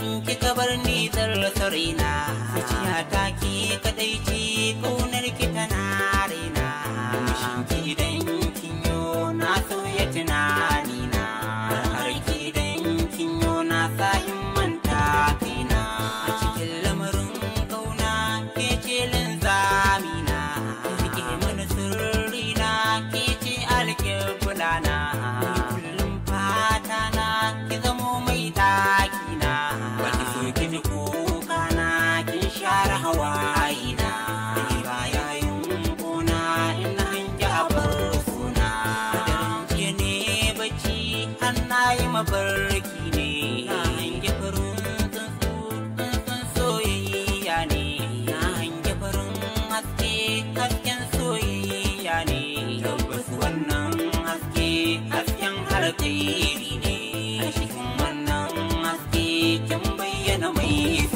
in kika bar ni zarra raina zuciya ta ki kadai ci kaunar ki na yi mafarki ne na hange farin tsuntsu soyayya ne na hange farin haske hasken soyayya ne tabbas wannan haske hasken harkairi ne a cikin wannan haske kin bayyana mai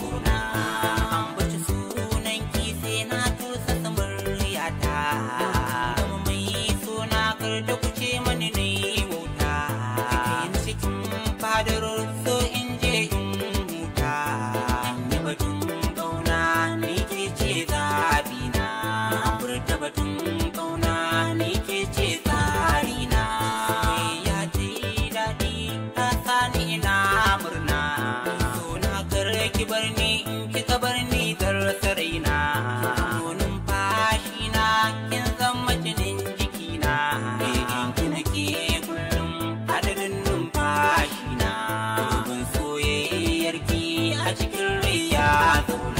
barni in kika barni zan rasa raina nunin fashi na kin zama jinin jiki in kina ke kullum adadin numfashina na ban a cikin rai zauna